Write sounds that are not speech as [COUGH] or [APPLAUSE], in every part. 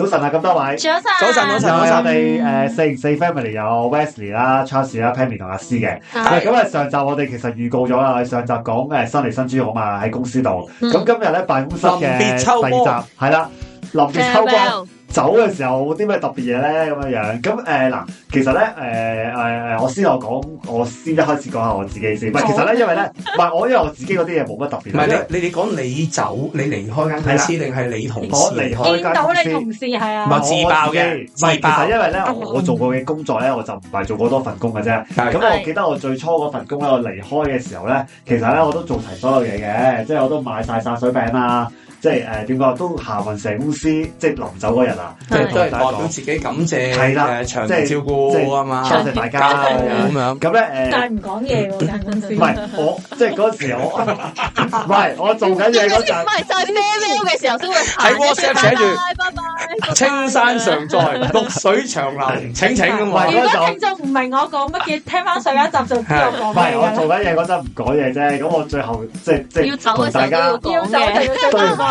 早晨啊，咁多位。早晨，早晨，早晨，早晨就是、我哋誒四零四 family 有 Wesley 啦、啊、Charles 啦、啊、Pammy 同阿師嘅。咁啊、嗯，上集我哋其實預告咗啦，上集講誒，新嚟新豬好嘛喺公司度。咁、嗯、今日咧辦公室嘅第二集係啦，臨別秋波。走嘅時候冇啲咩特別嘢咧咁樣樣，咁誒嗱，其實咧誒誒我先我講我先一開始講下我自己先。唔係，其實咧，因為咧，唔係我因為我自己嗰啲嘢冇乜特別。唔係你你你講你走，你離開間公司定係你同我離開間公司？遇你同事係啊？唔係自,自爆嘅，唔係。其實因為咧，嗯，我做過嘅工作咧，我就唔係做過多份工嘅啫。咁我記得我最初嗰份工咧，我離開嘅時候咧，其實咧我都做齊所有嘢嘅，即係我都賣晒散水餅啊。即係誒，點講都下運成公司，即係臨走嗰日啊，即係代表自己感謝，即係照顧我啊嘛，多謝大家咁樣。但係唔講嘢喎，間唔時。唔係我，即係嗰時我，唔係我做緊嘢嗰陣，唔係就係飛飛嘅時候先會喺 WhatsApp 扯住，拜拜。青山常在，綠水長流，請請咁啊！如果聽眾唔明我講乜嘢，聽翻上一集就知。係。唔係我做緊嘢嗰陣唔講嘢啫，咁我最後即係即係同大家講嘅都要。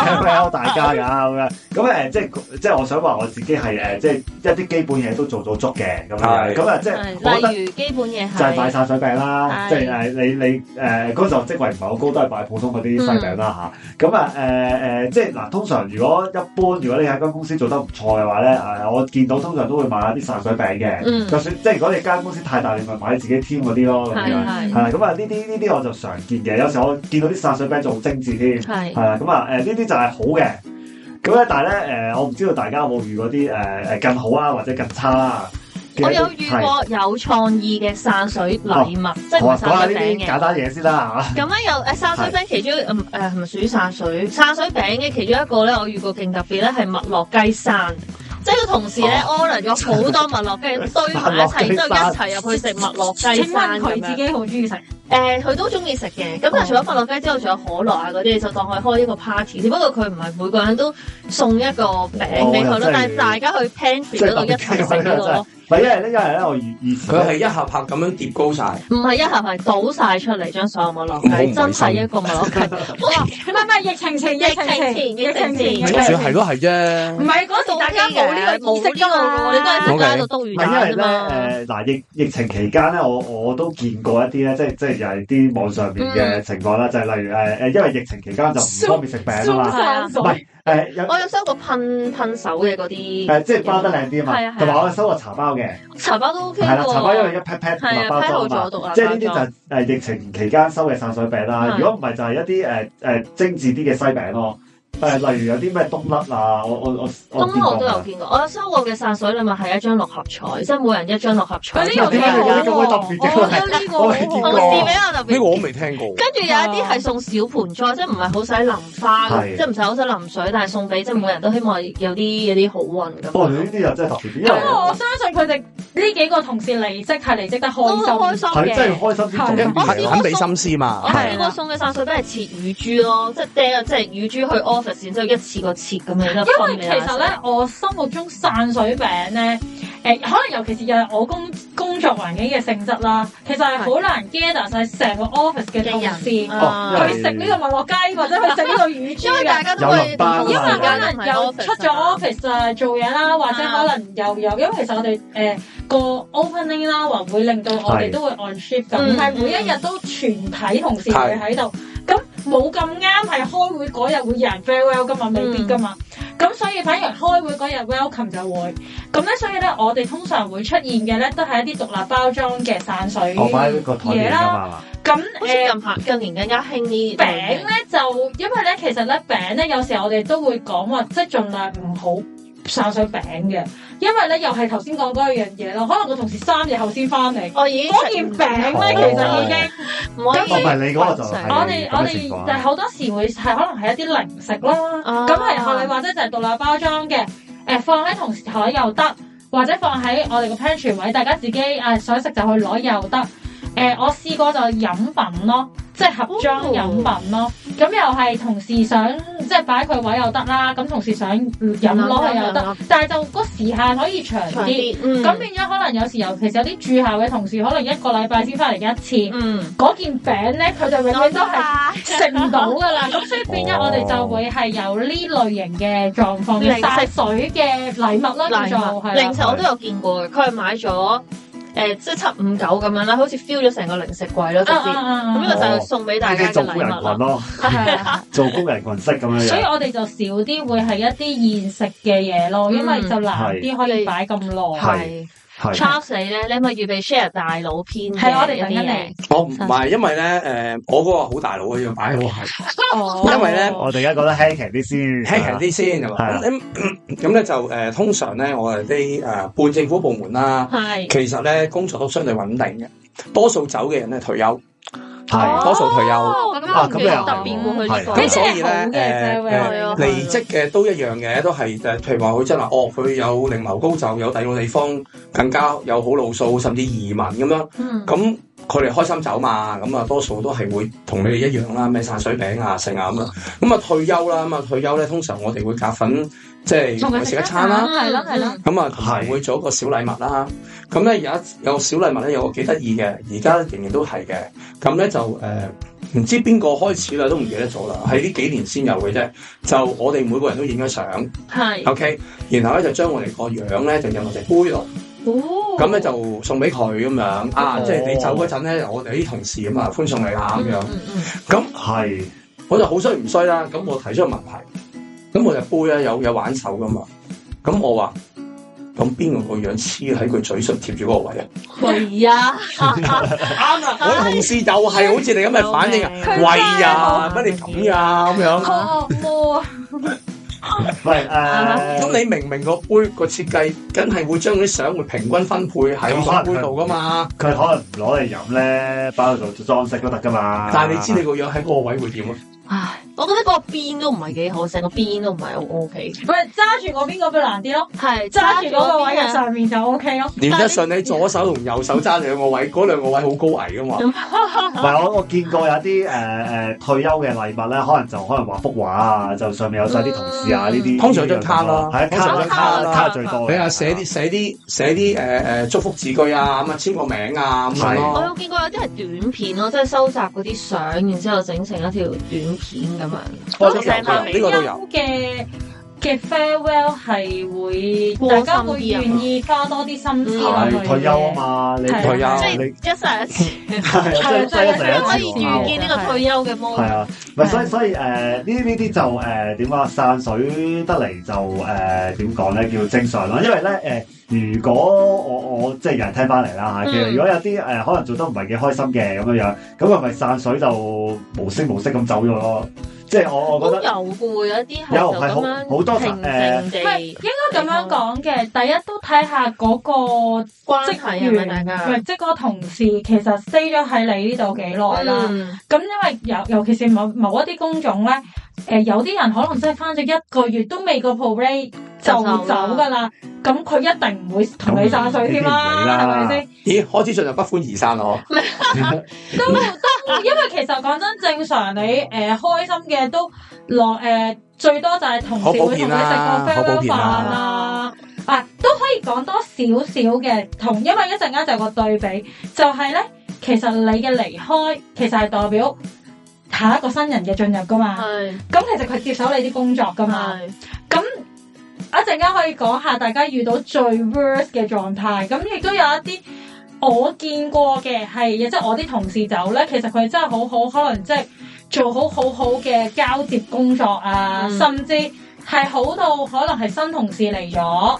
大家噶咁咁誒，即係即係，就是就是，我想話我自己係誒、即、就、係、是、一啲基本嘢都做到足嘅咁樣。咁啊，即係例如基本嘢就係擺散水餅啦。即係誒，你你誒，嗰陣職位唔係好高，都係擺普通嗰啲西餅啦吓。咁啊誒誒，即係嗱，通常如果一般如果你喺間公司做得唔錯嘅話咧，誒、呃，我見到通常都會買一啲散水餅嘅、嗯。就算即係如果你間公司太大，你咪買自己添嗰啲咯。咁、嗯、係。咁啊，呢啲呢啲我就常見嘅。有時我見到啲散水餅仲好精致添。係。係咁啊誒呢啲。呃就係、是、好嘅，咁咧，但係咧，誒、呃，我唔知道大家有冇遇過啲誒誒更好啊，或者更差啦。我有遇過有創意嘅散水禮物，哦、即係唔係散水餅嘅。講下呢啲簡單嘢先啦嚇。咁咧有誒散水餅其中誒係咪屬於散水？散水餅嘅其中一個咧，我遇過勁特別咧，係麥樂雞散，即係同時咧，order 咗好多麥樂雞堆埋一齊，之 [LAUGHS] 後一齊入去食麥樂雞，親親佢自己好中意食。誒，佢都中意食嘅，咁啊，除咗麥樂雞之外，仲有可樂啊嗰啲，就當佢開一個 party，只不過佢唔係每個人都送一個餅俾佢咯，但、哦、係、就是、大家去 pantry 嗰度一齊食呢個咯。係因為呢，因為咧，我遇遇佢係一盒盒咁樣疊高晒。唔、嗯、係一盒盒倒晒出嚟，將所有麥樂雞真係一個麥樂雞。哇、 [LAUGHS] 啊，唔係唔係，疫情前，疫情前，疫情前，係都係啫。唔係嗰大家冇呢個冇式㗎嘛。我哋都係喺度都唔係嗱疫疫情期間咧，我我都見過一啲咧，即係即係。就係啲網上面嘅情況啦、嗯，就係、是、例如誒誒、呃，因為疫情期間就唔方便食餅啦，唔係誒。我有收過噴噴手嘅嗰啲，誒即係包得靚啲啊嘛，同埋、啊、我有收過茶包嘅、啊啊。茶包都 OK 嘅。係啦、啊，茶包因為一 pat pat 同埋包咗度嘛，即係呢啲就係、是就是呃、疫情期間收嘅散水餅啦。如果唔係就係一啲誒誒精緻啲嘅西餅咯。誒，例如有啲咩冬甩啊，我我我，冬甩我都有見過。我收過嘅散水禮物係一張六合彩，即係每人一張六合彩。呢、啊這個係我好、啊、有個特別嘅、哦啊這個，我係點講？呢、這個我未聽過。跟住有一啲係送小盆栽，即係唔係好使淋花，即係唔使好使淋水，但係送俾即係每人都希望有啲有啲好運咁。哦、啊，呢啲又真係特別。因為我相信佢哋呢幾個同事離職係離職得開心嘅。真係開心肯俾心思嘛。我見過送嘅散水都係切乳豬咯，即係掟即係乳豬去屙。即係一次過切咁樣囉。因為其實咧，我心目中散水餅咧，誒， [MUSIC] 可能尤其是又係我工工作環境嘅性質啦， [MUSIC] 其實係好難 gather 晒成個 office 嘅同事。 [MUSIC] 哦，佢食呢個麥樂雞或者佢食呢個乳豬， [MUSIC] 因為大家都會，因為可能又出咗 office 啊，做嘢啦，或者可能又有， [MUSIC] 因為其實我哋誒、呃、 [MUSIC] 個 opening 啦，會會令到我哋都會 on shift，唔係每一日都全體同事會喺度。咁冇咁啱係開會嗰日會有人 farewell 噶嘛，未必噶嘛。咁、嗯、所以反而開會嗰日 welcome 就會。咁咧，所以咧，我哋通常會出現嘅咧，都係一啲獨立包裝嘅散水嘢啦。咁咁近年更加興啲餅咧，就因為咧，其實咧餅咧，有時我哋都會講話，即係盡量唔好散水餅嘅。 [LAUGHS] 因為咧，又係頭先講嗰樣嘢咯。可能個同事三夜後先翻嚟，嗰件餅咧其實已經唔可以、哦哦。你個就係、我哋我哋就好多時會係可能係一啲零食啦。咁然後或者就係獨立包裝嘅、哦，放喺同事台又得，或者放喺我哋個 pantry 位，大家自己誒想食就去攞又得。誒，我試過就飲品咯，即係盒裝飲品咯，咁、哦、又係同事想即係擺佢位又得啦，咁同事想飲落去又得，但係就個時限可以長啲，咁、嗯、變咗可能有時尤其是有啲住校嘅同事，可能一個禮拜先翻嚟一次，嗰、嗯、件餅咧佢就永遠都係食唔到噶啦，咁、嗯、 [LAUGHS] 所以變咗我哋就會係有呢類型嘅狀況，零、哦、食水嘅禮物啦，禮物係零食我都有見過佢係買咗。誒、欸，即係七五九咁樣啦，好似 feel 咗成個零食櫃咯，咁呢個就送俾大家嘅禮物咯、哦就是啊 [LAUGHS] 啊，做工人群式咁樣，所以我哋就少啲會係一啲現食嘅嘢咯，因為就難啲可以擺咁耐。Charles 你咧，你咪要預備 share 大佬片，係我哋有一零。我唔係，因為咧，誒，我嗰個好大佬嘅樣，擺我係，因為咧呢， [LAUGHS] 我哋而家覺得輕盈啲先，輕盈啲先咁咁咧就誒、呃，通常咧我哋啲誒，半政府部門啦，係，其實咧工作都相對穩定嘅，多數走嘅人咧退休。係多數退休、哦、啊，咁又特別喎佢，咁、啊、所以咧誒、嗯呃呃呃、離職嘅都一樣嘅，都係誒，譬如話佢真係哦，佢有另謀高就，有第二個地方更加有好路數，甚至移民咁樣。咁佢哋開心走嘛，咁啊多數都係會同你哋一樣啦，咩散水餅啊、食晏咁啦。咁啊退休啦，咁啊退休咧，通常我哋會夾份。即係食一餐啦。係啦係啦，咁啊會做一個小禮物啦。咁咧而家有小禮物咧，有個幾得意嘅，而家仍然都係嘅。咁咧就誒，唔、呃、知邊個開始啦，都唔記得咗啦。喺呢幾年先有嘅啫。就我哋每個人都影咗相，係 OK。然後咧就將我哋個樣咧就印我哋杯度，咁、哦、咧就送俾佢咁樣、哦、啊。即、就、係、是、你走嗰陣咧，我哋啲同事咁啊歡送你咁、啊、樣。咁、嗯、係、嗯嗯、我就好衰唔衰啦。咁我提出個問題。嗯嗯咁我隻杯呀、啊，有有玩手噶嘛？咁我話咁邊個個樣黐喺佢嘴唇貼住嗰個位、欸、啊， [LAUGHS] 啊，啊，啊、欸？喂啊，啱啊！我同事又係好似你咁嘅反應啊！喂啊，乜你咁呀咁樣？啊！唔咁、啊 [LAUGHS] 啊嗯啊、咁你明明個杯個設計，梗係會將啲相會平均分配喺個杯度噶嘛？佢可能唔攞嚟飲咧，擺喺度裝飾都得噶嘛？但係你知你個樣喺嗰個位會點啊？嗰、那、得個邊都唔係幾好，成個邊都唔係好 O K。唔揸住我邊個比較難啲咯，係揸住嗰個位嘅上面就 O K 咯。點解上你左手同右手揸住 [LAUGHS] 兩個位，嗰兩個位好高危噶嘛？唔 [LAUGHS] 係我我見過有啲誒、呃、退休嘅禮物咧，可能就可能畫幅畫啊，就上面有晒啲同事啊呢啲、嗯，通常張卡咯，係通常張卡卡，卡，卡，卡最多。你啊，啊寫啲寫啲寫啲誒、呃、祝福字句啊，咁啊簽個名啊咁咯、啊啊。我有見過有啲係短片咯，即係收集嗰啲相，然之後整成一條短片咁。哦、有的退休嘅嘅、這個、farewell 係會大家會願意加多啲心思去、嗯、退休啊嘛，你退休即係你，退休你一生一次， [LAUGHS] 就是、一生一次以可以遇見呢個退休嘅 model 係啊，唔係所以所以誒呢呢啲就誒點講啊散水得嚟就誒點講咧叫正常啦，因為咧誒、呃、如果我我即係有人聽翻嚟啦吓，嗯、其實如果有啲誒、呃、可能做得唔係幾開心嘅咁樣樣，咁係咪散水就無聲無息咁走咗咯？即係我，我覺得很有啲、啊，係好好多平唔係應該咁樣講嘅、呃。第一都睇下嗰個職關係係咪唔係，即係個同事其實 stay 咗喺你呢度幾耐啦。咁、嗯、因為尤尤其是某某一啲工種咧，誒、呃、有啲人可能真係返咗一個月都未過 pro rate。就走噶啦，咁佢一定唔會同你散水添、啊、啦，係咪先？咦，開始進入不歡而散咯 [LAUGHS] [LAUGHS] 因為其實講真，正常你誒、呃、開心嘅都落誒、呃、最多就係同事會同你食、啊、個飯啦、啊啊，啊都可以講多少少嘅同，因為一陣間就有個對比，就係、是、咧，其實你嘅離開其實係代表下一個新人嘅進入噶嘛，咁其實佢接手你啲工作噶嘛，咁。一陣間可以講下大家遇到最 worse 嘅狀態，咁亦都有一啲我見過嘅係，即係我啲同事走咧，其實佢真係好好，可能即係做好好好嘅交接工作啊，嗯、甚至係好到可能係新同事嚟咗，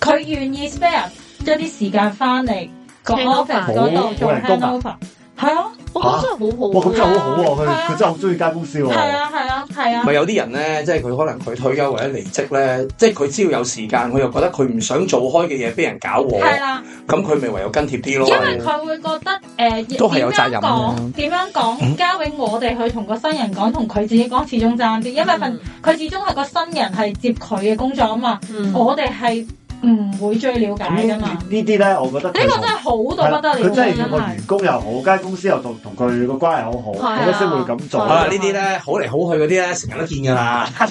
佢願意 spare 一啲時間翻嚟個 office 嗰度做 handover。係啊，我覺得、啊、真係好好、啊啊，哇咁真係好好、啊、喎。佢佢、啊、真係好中意間公司。係啊，係啊，係啊。咪、啊啊啊啊、有啲人咧，即係佢可能佢退休或者離職咧，即係佢只要有時間，佢又覺得佢唔想做開嘅嘢俾人搞喎。係啦、啊，咁佢咪唯有跟貼啲咯。因為佢會覺得誒、呃，亦都係有責任咯。點樣講？點、啊、樣講？交俾我哋去同、嗯、個新人講，同佢自己講，始終爭啲，因為份佢始終係個新人係接佢嘅工作啊嘛。嗯、我哋係。唔會最了解㗎嘛？呢啲咧，我覺得呢個真係好到不得了啦！佢真係個員工又好，間公司又同同佢個關係好好，我都先會咁做啦！呢啲咧，好嚟好去嗰啲咧，成日都見㗎啦。係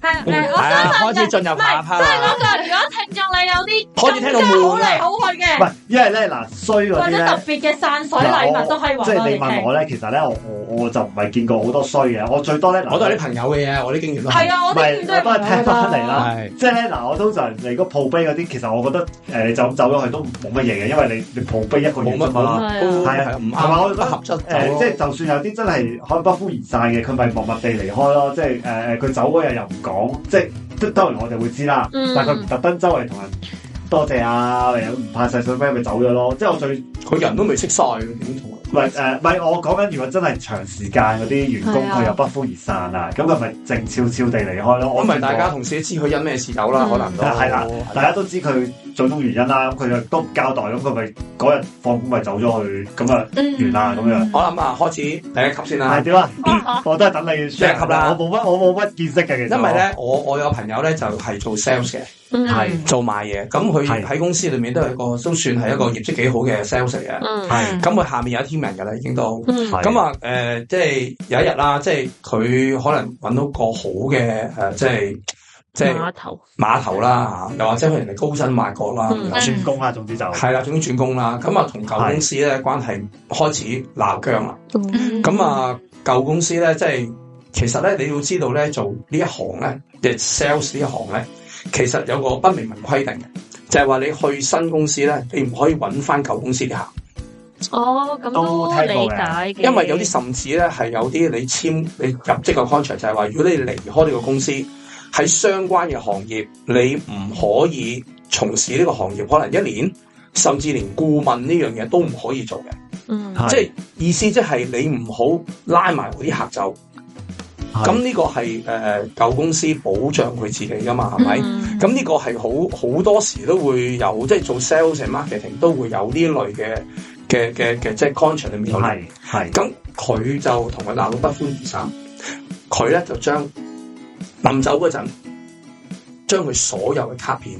係，我相信唔係。即係我話，如果聽眾你有啲可以聽到會真係好嚟好去嘅，唔係因為咧嗱衰嗰啲咧或者特別嘅散水禮物都可以話我哋聽。即係你問我咧，其實咧，我我我就唔係見過好多衰嘅，我最多咧我都係啲朋友嘅嘢，我啲經驗啦，唔係幫佢聽翻出嚟啦。即係咧嗱，我都就嚟個鋪杯。有啲其實我覺得誒、呃、就咁走咗去都冇乜嘢嘅，因為你你逃避一個嘢啫嘛。係啊，係嘛，我哋唔啱合作。誒，呃嗯、即係就算有啲真係可以不歡而散嘅，佢咪默默地離開咯。即係誒，佢、呃、走嗰日又唔講，即係即當然我哋會知啦。嗯、但係佢唔特登周圍同人多謝啊，誒，唔怕曬水杯咪走咗咯。即係我最佢人都未識晒唔係誒，唔、呃、係我講緊。如果真係長時間嗰啲員工佢、啊、又不歡而散啊，咁佢咪靜悄悄地離開咯。咁咪大家同事知佢因咩事走啦，可能都係啦。大家都知佢種種原因啦。咁佢就都交代，咁佢咪嗰日放工咪走咗去，咁啊完啦咁樣。樣嗯、我諗啊，開始第一級先啦。點、哎、啊？我都、啊、等你嘅。第一級啦、啊，我冇乜，我冇乜見識嘅其實。因為咧，我我有朋友咧就係、是、做 sales 嘅，係做賣嘢。咁佢喺公司裏面都係一個都算係一個業績幾好嘅 sales 嚟嘅。係、嗯、咁，佢下面有 t 人嘅咧，已經都咁啊！誒、嗯呃，即係有一日啦，即係佢可能揾到個好嘅誒、呃，即係即係碼頭碼頭啦嚇，又或者佢人哋高薪買過啦，轉、嗯工，啊、工啦，總之就係啦，總之轉工啦。咁啊，同舊公司咧關係開始鬧僵啦。咁、嗯、啊，舊公司咧，即係其實咧，你要知道咧，做呢一行咧即 sales 呢一行咧，其實有個不明文規定嘅，就係、是、話你去新公司咧，你唔可以揾翻舊公司啲客。哦，咁都理解嘅。因為有啲甚至咧係有啲你簽你入職個 contract 就係話，如果你離開呢個公司喺相關嘅行業，你唔可以從事呢個行業，可能一年，甚至連顧問呢樣嘢都唔可以做嘅。嗯，即係意思即係你唔好拉埋啲客走。咁呢個係誒舊公司保障佢自己噶嘛？係咪？咁、嗯、呢個係好好多時都會有，即係做 sales marketing 都會有呢一類嘅。嘅嘅嘅，即係 contract 裡面係係，咁佢就同佢鬧到不歡而散。佢咧就將臨走嗰陣，將佢所有嘅卡片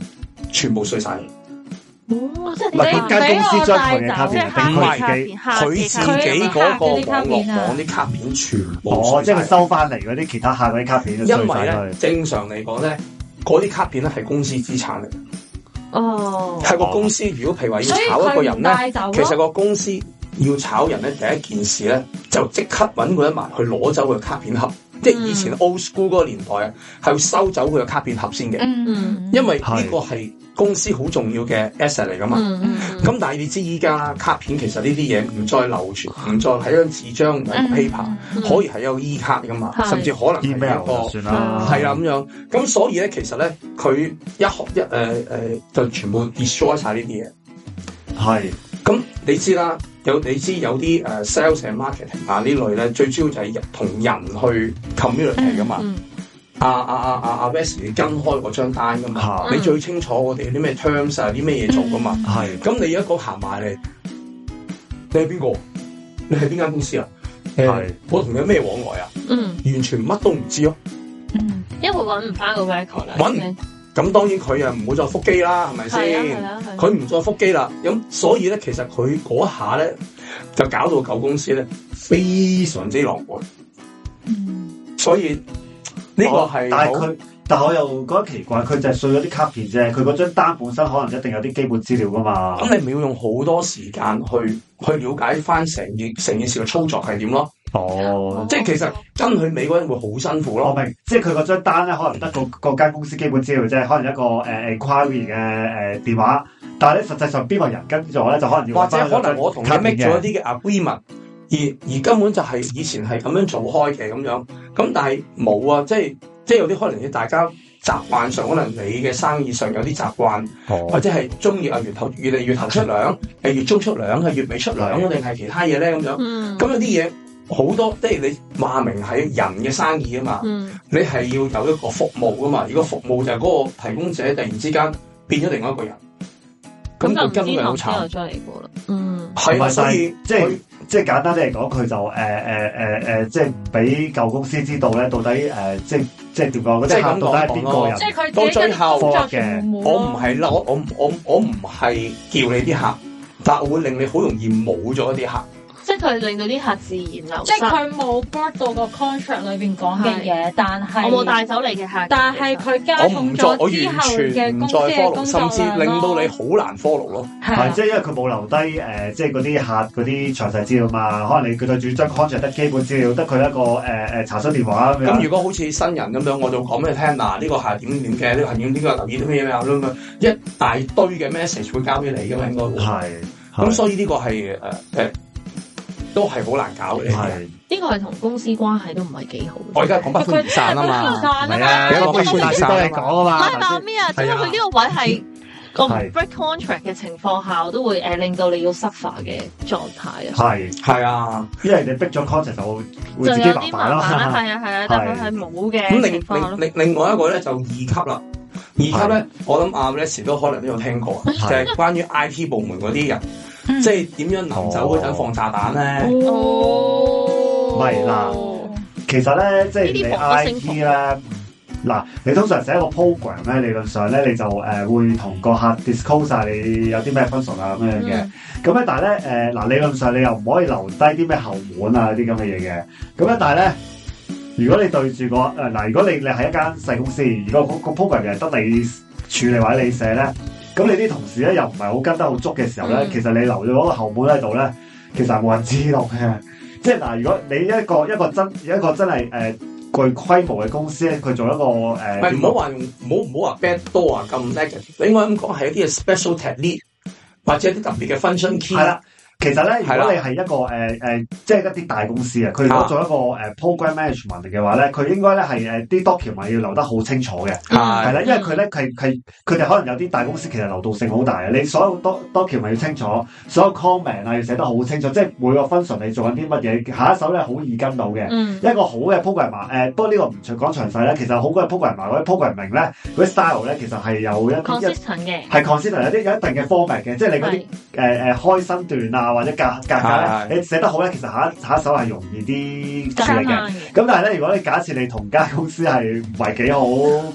全部碎晒佢。唔、哦，即係點解我帶走啲卡片？佢自己嗰個網絡網啲卡片全部碎、哦、即係收翻嚟嗰啲其他客嗰啲卡片，因為咧，正常嚟講咧，嗰啲卡片咧係公司資產嚟。哦，係個公司，如果譬如話要炒一個人咧、啊，其實個公司要炒人咧，第一件事咧就即刻搵佢一埋去攞走佢卡片盒，嗯、即係以前 old school 嗰個年代啊，係要收走佢嘅卡片盒先嘅、嗯，因為呢個係。公司好重要嘅 asset 嚟噶嘛？咁、嗯嗯、但係你知依家卡片其實呢啲嘢唔再留存，唔再係一張紙張唔係一個 paper、嗯嗯、可以係有 e 卡噶嘛？甚至可能係一個，係啦咁樣。咁、啊嗯嗯、所以咧，其實咧，佢一學一誒誒、呃呃，就全部 destroy 曬呢啲嘢。係。咁、嗯、你知啦，有你知有啲誒 sales 同 marketing 啊類呢類咧，最主要就係同人去 communicate 噶嘛。嗯嗯阿阿阿阿阿 v e s s 跟開嗰張單噶嘛，嗯、你最清楚我哋啲咩 terms 啊，啲咩嘢做噶嘛，係、嗯、咁你一個人行埋嚟，你係邊個？你係邊間公司啊？誒、嗯，我同你咩往來啊？嗯，完全乜都唔知咯、啊。嗯，因為搵唔翻個 Michael 啦。搵，咁當然佢又唔會再覆機啦，係咪先？係佢唔再覆機啦。咁所以咧，其實佢嗰下咧就搞到舊公司咧非常之狼狽。嗯，所以。嗯所以呢、這個係、哦，但係佢，但我又覺得奇怪，佢就係碎咗啲卡片啫。佢嗰張單本身可能一定有啲基本資料噶嘛。咁你咪要用好多時間去去了解翻成件成件事嘅操作係點咯？哦，即係其實跟佢美國人會好辛苦咯。我明，即係佢嗰張單咧，可能得個個間公司基本資料，即係可能一個誒 query 嘅誒電話。但係咧，實際上邊個人跟咗咧，就可能要或者回回可能我同你 make 咗啲嘅 agreement。而而根本就係以前係咁樣做開嘅咁樣，咁但係冇啊，即係即係有啲可能要大家習慣上，可能你嘅生意上有啲習慣，哦、或者係中意啊月頭越嚟月頭出糧，誒、嗯、月中出糧，係月尾出糧，定係其他嘢咧咁樣，咁、嗯、有啲嘢好多，即係你話明係人嘅生意啊嘛，嗯、你係要有一個服務噶嘛，如果服務就係嗰個提供者突然之間變咗另外一個人。咁佢今日好慘，嗯，係咪先？所以即係即係簡單啲嚟講，佢就誒誒誒誒，即係俾舊公司知道咧，到底誒即係即係點講？即係到底係邊個人？即係佢到最後嘅、啊，我唔係嬲，我我我我唔係叫你啲客，但係我會令你好容易冇咗一啲客。即係佢令到啲客自然流失，即係佢冇 block 到個 contract 裏面講嘅嘢，但係我冇帶走嚟嘅客，但係佢交唔再 follow，甚至令到你好難 follow 咯，係即係因為佢冇留低即係嗰啲客嗰啲詳細資料嘛，可能你佢都只張 contract 得基本資料，得佢一個誒、呃、查詢電話咁。如果好似新人咁樣，我就講俾你聽嗱，呢、呃呢個客點點嘅呢個客、這個這個這個這個、應該留意啲咩啊？一大堆嘅 message 會交俾你嘅嘛，應該係咁，所以呢個係都係好難搞嘅，係呢、呢個係同公司關係都唔係幾好。我而家講不歡不散啊嘛，係啊，幾多嘢講啊嘛。因為佢呢、啊啊啊、個位係個 break contract 嘅情況下，啊、都會誒令到你要 suffer 嘅狀態啊。係係啊，因為你逼咗 contract 就會自己麻煩啦。係啊係啊，啊，啊，但佢係冇嘅。咁另另另外一個咧就二級啦、啊，二級咧、啊、我諗啊咩、啊、時都可能都有聽過、啊，就係、是、關於 I T 部門嗰啲人。 [LAUGHS] 嗯、即係點樣臨走嗰陣放炸彈咧？哦，哦，唔係啦，其實咧，即係你 I T 咧，嗱，你通常寫個 program 咧，理論上咧，你就誒、呃、會同個客 disclose 曬、啊、你有啲咩 function 啊咁樣嘅。咁咧，嗯、但係咧，誒，嗱，理論上你又唔可以留低啲咩後門啊啲咁嘅嘢嘅。咁咧，但係咧，如果你對住個誒嗱、呃，如果你你喺一間細公司，如果個 program 又係得你處理或者你寫咧。咁你啲同事咧又唔係好跟得好足嘅時候咧，嗯、其實你留咗嗰個後門喺度咧，其實冇人知道嘅。即係嗱，如果你一個一個真一個真係誒、呃、具規模嘅公司咧，佢做一個誒，唔好話唔好唔好話 bad door 啊咁 negative 應該咁講係一啲 special technique 或者一啲特別嘅 function key。其實咧，如果你係一個誒誒、呃，即係一啲大公司啊，佢如果做一個誒 program management 嘅話咧，佢、啊呃、應該咧係誒啲 document 要留得好清楚嘅，係、嗯、啦，因為佢咧佢佢佢哋可能有啲大公司其實流動性好大嘅、嗯，你所有 document 要清楚，所有 comment 啊要寫得好清楚，即係每個 function 你做緊啲乜嘢，下一手咧好易跟到嘅、嗯。一個好嘅 program 誒、呃，不過呢個唔出講詳細呢，其實好嘅 program 或啲 program 名咧，佢 style 咧其實係有一 consistent 嘅，係 consistent 有啲有一定嘅 format 嘅，即係你嗰啲誒誒開身段啊。啊，或者價價格咧，是是是你寫得好咧，其實下一下一手係容易啲處理嘅。咁但係咧，如果你假設你同間公司唔係幾好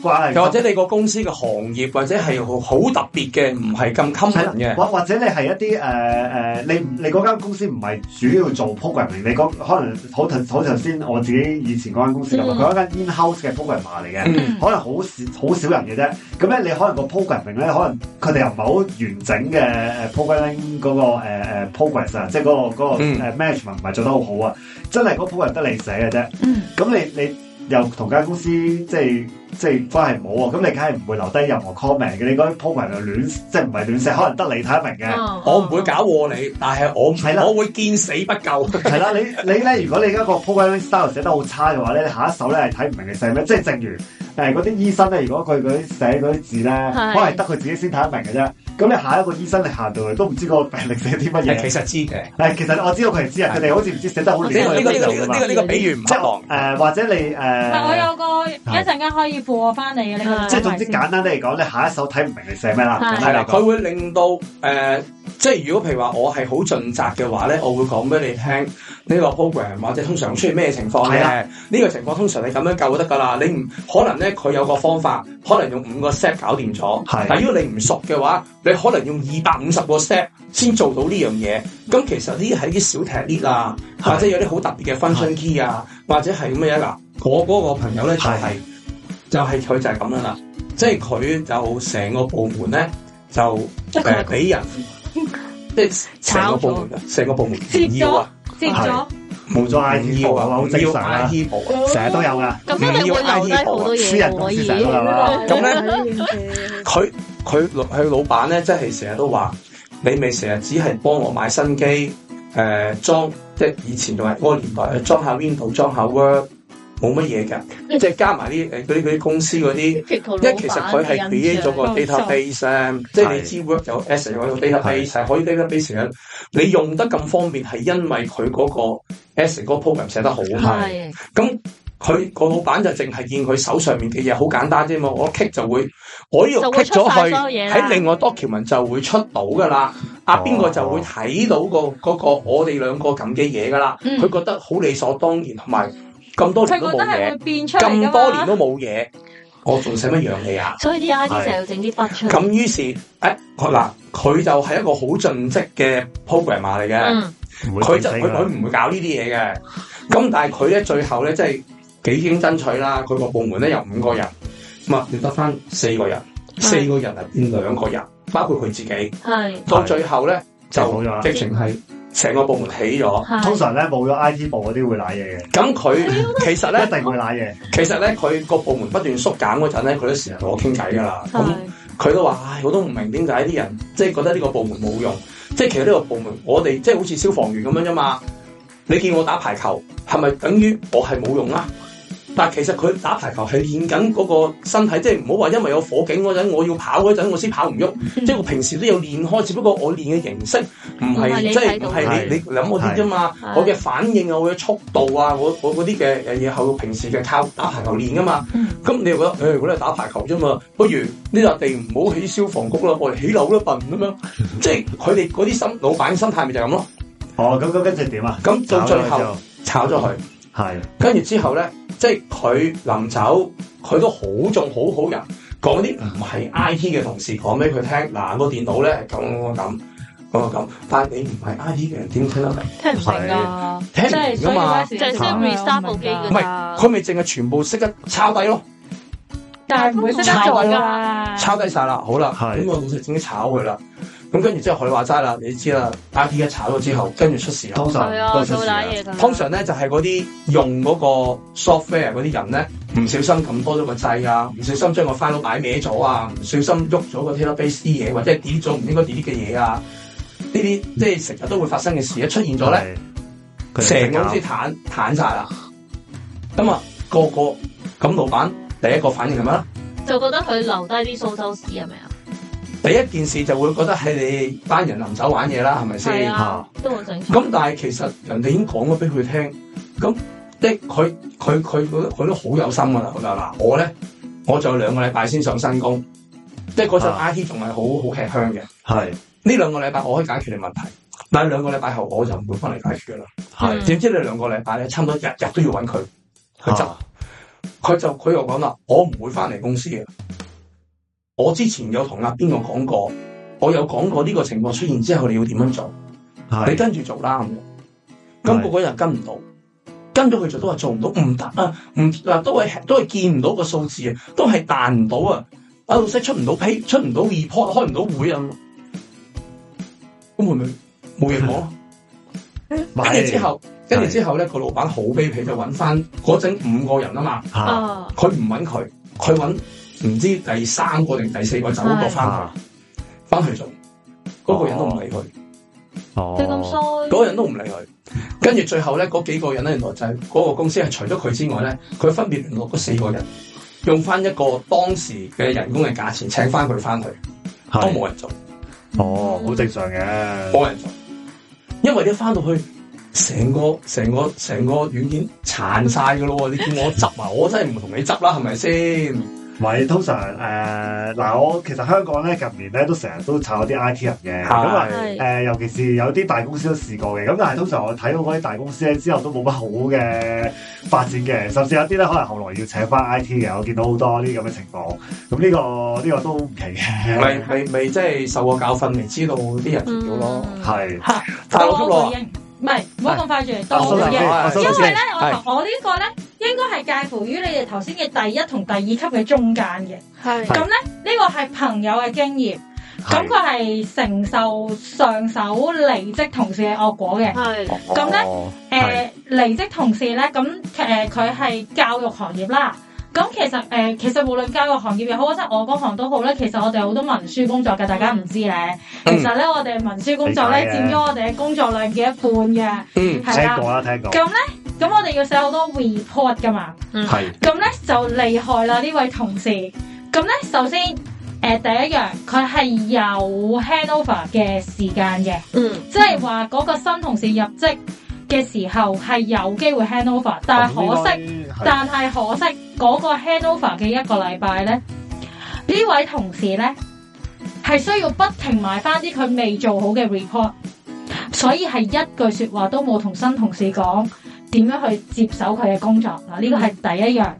關係，又 [LAUGHS] 或者你個公司嘅行業或者係好特別嘅，唔係咁吸引嘅，或或者你係一啲、呃、你你嗰間公司唔係主要做 programming，你可能好頭先我自己以前嗰間公司，佢嗰間 in house 嘅 programmer 嚟嘅， [LAUGHS] 可能好少好少人嘅啫。咁咧，你可能個 programming 咧，可能佢哋又唔係好完整嘅誒 programming 嗰、嗰個、呃 progress 啊、那個，即係嗰個嗰個誒 management 唔係做得好好啊、嗯，真係個 progress 得你寫嘅啫，咁、嗯、你你又同間公司即係。即係關係唔好啊，咁你梗係唔會留低任何 comment 嘅。你嗰啲 po 文又亂，即係唔係亂寫，可能得你睇得明嘅。我唔會搞禍你，但係我唔係啦，我會見死不救。係啦，你你咧，如果你而家個 po 文 style 寫得好差嘅話咧，你下一首咧係睇唔明你寫咩。即係正如誒嗰啲醫生咧，如果佢嗰啲寫嗰啲字咧，可能得佢自己先睇得明嘅啫。咁你下一個醫生你行到去都唔知個病歷寫啲乜嘢。其實知嘅，誒其實我知道佢哋知啊，佢哋好似唔知寫得好亂。呢個呢個呢個比喻唔合誒，或者你誒，唔係我有個一陣間可以。翻嚟嘅，即係總之簡單啲嚟講，你下一首睇唔明你寫咩啦，係啦，佢會令到誒、呃，即係如果譬如我話我係好盡責嘅話咧，我會講俾你聽呢、這個 program 或者通常出現咩情況呢？呢個情況通常你咁樣教都得噶啦，你唔可能咧佢有個方法，可能用五個 set 搞掂咗，係，但如果你唔熟嘅話，你可能用二百五十個 set 先做到呢樣嘢，咁其實呢啲係啲小 tips 啊，或者有啲好特別嘅 function key 啊，或者係咁樣啦，我嗰個朋友咧就係、是。就係、是、佢就係咁樣啦，即係佢就成、是、個部門咧就誒俾人即係成個部門，成個部門接咗，接咗冇咗 IT 部啊嘛，好 -E、正常啊 IT 部啊，成日都有噶，咁樣你會留低好多嘢，輸人輸成啦，咁咧佢佢老佢老闆咧，即係成日都話你咪成日只係幫我買新機，誒、呃、裝即係以前仲埋嗰個年代裝下 Windows，裝下 Word。冇乜嘢㗎，即係加埋啲誒啲啲公司嗰啲，因為其實佢係佢已咗個 database，即係你知 work 有 excel 嗰又 database 係可以 database 你用得咁方便係因為佢嗰個 excel 嗰個 program 寫得好啊，咁佢個老闆就淨係見佢手上面嘅嘢好簡單啫嘛。我 click 就會，我要 click 咗去喺另外 document 就會出到噶啦。阿邊個就會睇到、那個嗰、哦那個我哋兩個咁嘅嘢噶啦。佢、嗯、覺得好理所當然同埋。咁多年都冇嘢，咁、啊、多年都冇嘢，我仲使乜養你啊？所以啲 IT 成日要整啲翻出嚟。咁於是，誒、哎，嗱，佢就係一個好盡職嘅 programmer 嚟嘅，佢、嗯、就佢佢唔會搞、嗯會搞嗯、呢啲嘢嘅。咁但係佢咧最後咧，即係幾經爭取啦，佢個部門咧有五個人，咁啊，剩得翻四個人，四個人啊變兩個人，包括佢自己。係到最後咧，就，就直情淨係。成個部門起咗，通常咧冇咗 IT 部嗰啲會瀨嘢嘅。咁佢其實咧 [LAUGHS] 一定會瀨嘢。其實咧佢個部門不斷縮減嗰陣咧，佢都成日同我傾偈噶啦。咁佢都話，唉，我都唔明點解啲人即係、就是、覺得即係覺得呢個部門冇用。即係其實呢個部門，我哋即係好似消防員咁樣啫嘛。你見我打排球，係咪等於我係冇用啊？但其實佢打排球係練緊嗰個身體，即係唔好話因為有火警嗰陣，我要跑嗰陣我先跑唔喐。 [LAUGHS] 即係我平時都有練開，只不過我練嘅形式唔係，即係唔係你、就是就是、你諗嗰啲啫嘛。的我嘅反應啊，我嘅速度啊，我我嗰啲嘅嘢係平時嘅靠打排球練噶嘛。咁 [LAUGHS] 你又覺得誒、哎，我係打排球啫嘛，不如呢笪地唔好起消防局啦，我哋起樓啦笨咁 [LAUGHS] 樣。即係佢哋嗰啲心老闆心態咪就係咁咯。哦，咁咁跟住點啊？咁到最後炒咗佢。係，跟住之後咧，即係佢臨走，佢都好仲好好人，講啲唔係 I T 嘅同事講俾佢聽，嗱、啊那個電腦咧咁咁，咁但係你唔係 I T 嘅人點聽得明？聽唔明啊，即係所以咧，即係即係 restart 部機噶，唔係佢咪淨係全部識得抄底咯？但係唔會得抄底㗎，抄低晒啦，好啦，咁個老細直接炒佢啦。咁跟住之後，佢哋話齋啦，你知啦。IT 一炒咗之後，跟住出事啦。通常、哦，通常咧就係嗰啲用嗰個 software 嗰啲人咧，唔、嗯、小心撳多咗個掣啊，唔小心將個 file 擺歪咗啊，唔小心喐咗個 database 啲嘢，或者 delete 咗唔應該跌嘅嘢啊。呢啲即係成日都會發生嘅事，一出現咗咧，成個公司攤攤晒啦。咁啊，個個咁老闆第一個反應係咩咧？就覺得佢留低啲蘇州屎係咪啊？是第一件事就會覺得係你班人臨走玩嘢啦，係咪先？都好正常。咁但係其實人哋已經講咗俾佢聽，咁即係佢佢佢覺得佢都好有心㗎啦。嗱，我咧我仲有兩個禮拜先上新工，啊、即係嗰陣 I T 仲係好好吃香嘅。係呢兩個禮拜我可以解決你問題，但係兩個禮拜後我就唔會翻嚟解決㗎啦。係點知你兩個禮拜咧，差唔多日日都要揾佢。佢、啊、就佢就佢又講啦，我唔會翻嚟公司嘅。我之前有同阿邊個講過，我有講過呢個情況出現之後你要點樣做，你跟住做啦咁。咁嗰日跟唔到，跟咗佢做都話做唔到，唔得啊，唔嗱都係都係見唔到個數字啊，都係彈唔到不啊，阿老細出唔到 pay，出唔到 report，開唔到會啊，咁會唔會冇嘢講？跟、嗯、住之後，跟住之後咧，個老闆好卑鄙，就揾翻嗰整五個人啊嘛，佢唔揾佢，佢揾。唔知第三個定第四個走過翻去，啊，翻去做，嗰、那個人都唔理佢。哦，咁衰，嗰個人都唔理佢。哦，跟住最後咧，嗰幾個人咧，原來就係嗰個公司係除咗佢之外咧，佢分別聯絡嗰四個人，用翻一個當時嘅人工嘅價錢，請翻佢翻去，都冇人做。嗯、哦，好正常嘅，冇人做，因為你翻到去，成個成個成個軟件殘晒噶咯。你叫我執啊，我真係唔同你執啦，係咪先？唔係通常誒嗱、呃，我其實香港咧近年咧都成日都炒啲 I T 人嘅，咁啊、呃、尤其是有啲大公司都試過嘅，咁但係通常我睇到嗰啲大公司咧之後都冇乜好嘅發展嘅，甚至有啲咧可能後來要請翻 I T 嘅，我見到好多呢咁嘅情況，咁呢、呢個呢、呢個都唔奇嘅，未未未即係受過教訓，未知道啲人點樣咯，係就咁咯。唔係，唔好咁快住嚟當嘅，因為咧，我我呢個咧，應該係介乎於你哋頭先嘅第一同第二級嘅中間嘅。係，咁咧呢個係朋友嘅經驗，咁佢係承受上手離職同事嘅惡果嘅。係，咁咧，誒，離職同事咧，咁誒，佢係教育行業啦。咁其實誒、呃，其實無論交個行業又好，或者我嗰行都好咧。其實我哋好多文書工作嘅，大家唔知咧、嗯。其實咧，我哋文書工作咧佔咗我哋嘅工作量嘅一半嘅。嗯，係啊，聽過啦、啊，聽過。咁咧，咁我哋要寫好多 report 噶嘛。嗯，係。咁咧就厲害啦呢位同事。咁咧，首先誒、呃、第一樣，佢係有 handover 嘅時間嘅。嗯，即係話嗰個新同事入職。嘅時候係有機會 handover，但係可惜，嗯、但係可惜嗰、嗰個 handover 嘅一個禮拜咧，呢位同事咧係需要不停買翻啲佢未做好嘅 report，所以係一句說話都冇同新同事講點樣去接手佢嘅工作嗱，呢個係第一樣。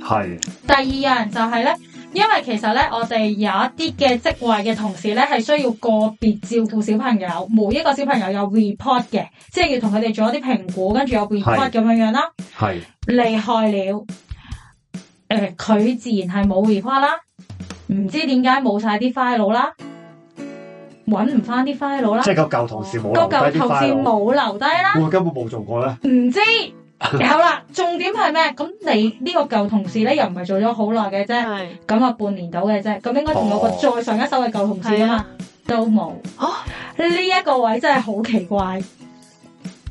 係第二樣就係咧。因為其實咧，我哋有一啲嘅職位嘅同事咧，係需要個別照顧小朋友，每一個小朋友有 report 嘅，即係要同佢哋做一啲評估，跟住有 report 咁樣樣啦。係。厲害了，誒、呃，佢自然係冇 report 啦，唔知點解冇晒啲 file 啦，搵唔翻啲 file 啦。即係個舊同事冇留低嗰 f i l 舊同事冇留低啦、哦。我、哦、根本冇做過啦，唔知。有 [LAUGHS] 啦，重點係咩？咁你呢個舊同事咧，又唔係做咗好耐嘅啫，咁啊半年到嘅啫，咁應該同我個再上一手嘅舊同事啊嘛，啊都冇。哦、啊，呢、這、一個位真係好奇怪。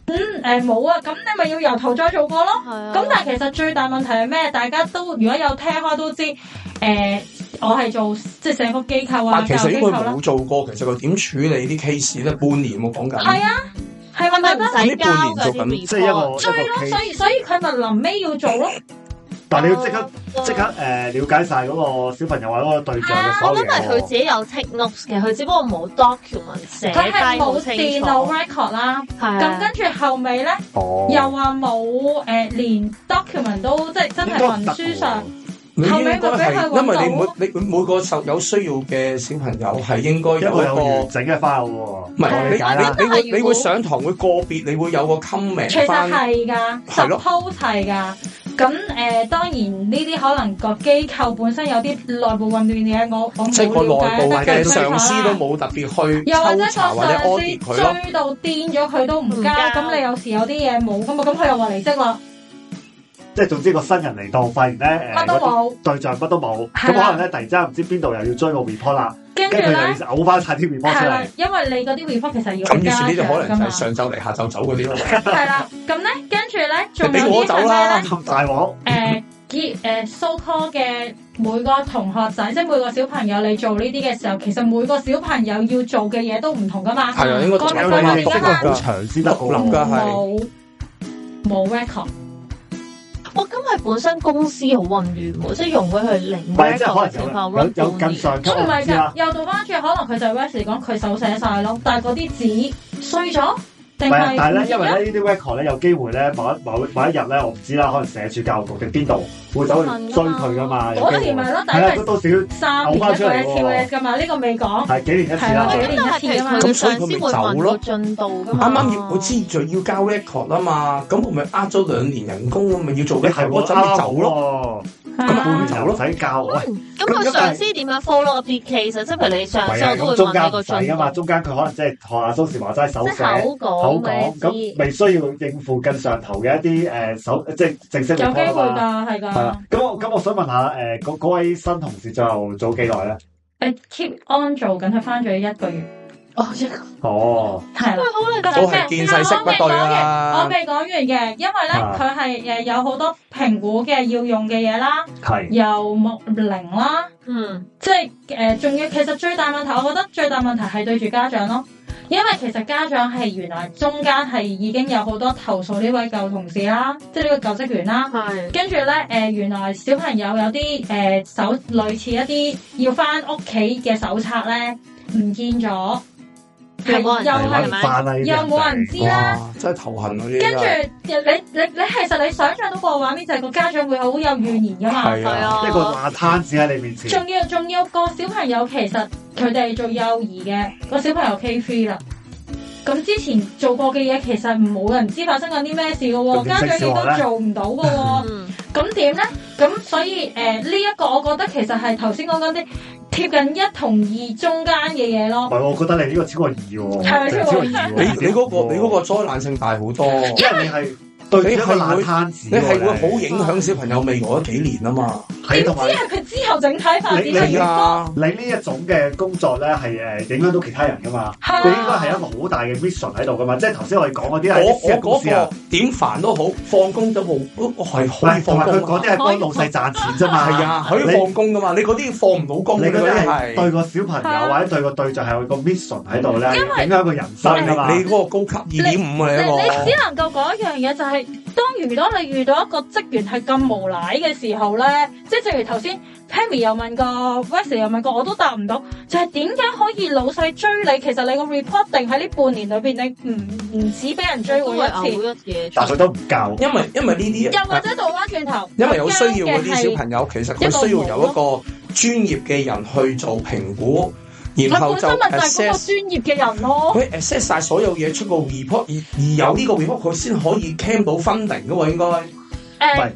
嗯，誒、呃、冇啊，咁你咪要由頭再做過咯。咁、啊、但係其實最大問題係咩？大家都如果有聽嘅都知道，誒、呃、我係做即係成個機構啊舊機構啦。其實你應該冇做過，其實佢點處理啲 case 咧，半年冇講緊。係啊。係咪得唔使半年做緊，即係一個追個 case？所以所以佢咪臨尾要做咯。 [LAUGHS] 但係你要即刻即刻誒了解晒嗰個小朋友或者嗰個對象嘅所有。佢、啊、自己有 take notes 嘅，佢只不過冇 document 寫，佢係冇電腦 record 啦。咁、啊、跟住後尾咧，oh。又話冇誒連 document 都即係真係文書上。你應該係，因為你每你每個受有需要嘅小朋友係應該有一個因為有整一包唔係你你你會,你會上堂會個別，你會有個襟名。其實係噶，實鋪齊噶。咁誒，當然呢啲可能個機構本身有啲內部混亂嘅，我我冇了解，即係個內部嘅上司都冇特別去抽查又或者攪追到癲咗佢都唔加。咁你有時有啲嘢冇㗎嘛。咁佢又話離職啦。即係總之個新人嚟到，發現咧冇、呃，對象乜都冇，咁可能咧突然間唔知邊度又要追個 report 啦，跟住佢就嘔翻晒啲 report 出嚟。因為你嗰啲 report 其實要咁，於是呢度可能就係上晝嚟下晝走嗰啲咯。係 [LAUGHS] 啦，咁咧跟住咧仲有我走咧？大鑊誒，啲誒，so call 嘅每個同學仔，即 [LAUGHS] 係每個小朋友，你做呢啲嘅時候，其實每個小朋友要做嘅嘢都唔同噶嘛。係啊，我哋而家單場先獨立嘅係冇冇 record。那個我、哦、今日本身公司好混亂喎，即係用領佢零，唔係即係可能有咁唔係㗎，又倒翻轉，可能佢就 Wes 嚟講，佢手寫晒囉，但係嗰啲紙碎咗。唔係，但係咧，因為咧呢啲 record 咧有機會咧，某某某一日咧，我唔知啦，可能寫住教育局定邊度，會走去追佢噶嘛，有機會。三年咪咯，但係到時要少扣翻出嚟喎。三年啊嘛，呢、這個未講。係幾年一次啦？三年一次啊嘛。咁所以佢咪走個進度嘛。啱啱要我知助要交 record 啊嘛，咁我咪呃咗兩年人工咁，咪要做幾年我真係走咯。咁半唔使咯，使教喂。咁、嗯、佢、嗯、上司點樣 follow up 啲 case 即係譬如你上司都會問個中間嘛，中間佢可能即係學阿蘇士話齋手講口講，咁未需要應付更上頭嘅一啲誒、呃，手即係、呃、正，正式談談有規矩噶，係噶。係咁我咁我想問下誒，嗰、呃、位新同事就做幾耐咧？誒，keep on 做緊，佢翻咗一個月。哦、oh, [LAUGHS] 一個係，都係見世、啊、我未講啦。我未講完嘅，因為咧佢係有好多評估嘅要用嘅嘢啦，係、yeah.，有木零啦，嗯、yeah. 就是，即係誒，仲要其實最大問題，我覺得最大問題係對住家長咯，因為其實家長係原來中間係已經有好多投訴呢位舊同事啦，即係呢個舊職員啦，係、yeah.，跟住咧誒、原來小朋友有啲手、呃、類似一啲要翻屋企嘅手冊咧，唔見咗。係又係又冇人知，又是是人又人知啦，真係頭痕嗰啲。跟住你你你，其實你想象到個畫面就係個家長會好有怨言噶嘛？係啊,啊，一個爛攤子喺你面前。仲要仲要個小朋友，其實佢哋做幼兒嘅個小朋友 K three 啦。咁之前做過嘅嘢，其實冇人知發生緊啲咩事噶，家長亦都做唔到噶。咁點咧？咁所以誒呢一個，我覺得其實係頭先講緊啲。貼近一同二中間嘅嘢囉。唔係我覺得你呢個超過二喎，哦，係、就是、超過二，哦，喎。你嗰、嗰個你嗰個災難性大好多，因 [LAUGHS] 為你係。對一個爛攤子啊，你係會，你係會好影響小朋友未來幾年啊嘛，點只係佢之後整體發展，你呢一種嘅工作咧係影響到其他人噶嘛，那個、嘛， [LAUGHS] 嘛？你應該係一個好大嘅 mission 喺度噶嘛？即係頭先我哋講嗰啲係啲咩公司點煩都好，放工都冇，係放埋佢嗰啲係幫老細賺錢啫嘛？係啊，可以放工噶嘛？你嗰啲放唔到工，你嗰啲係對個小朋友或者對是個對象係個 mission 喺度咧，影響一個人生，你嗰個高級二點五係一個。你你只能夠講一樣嘢就係，是。當如果你遇到一個職員係咁無賴嘅時候咧，即係正如頭先，Pammy 又問過 Wesley 又問過，我都答唔到。就係點解可以老細追你？其實你個 report 定喺呢半年裏邊，你唔唔止俾人追過一次，是一但佢都唔夠。因為因為呢啲、嗯、又或者倒翻轉頭，因為有需要嗰啲小朋友，其實佢需要有一個專業嘅人去做評估。然後就 set 曬、哦、所有嘢出個 report，而而有呢個 report 佢先可以 claim 到 funding 噶喎應該。Um,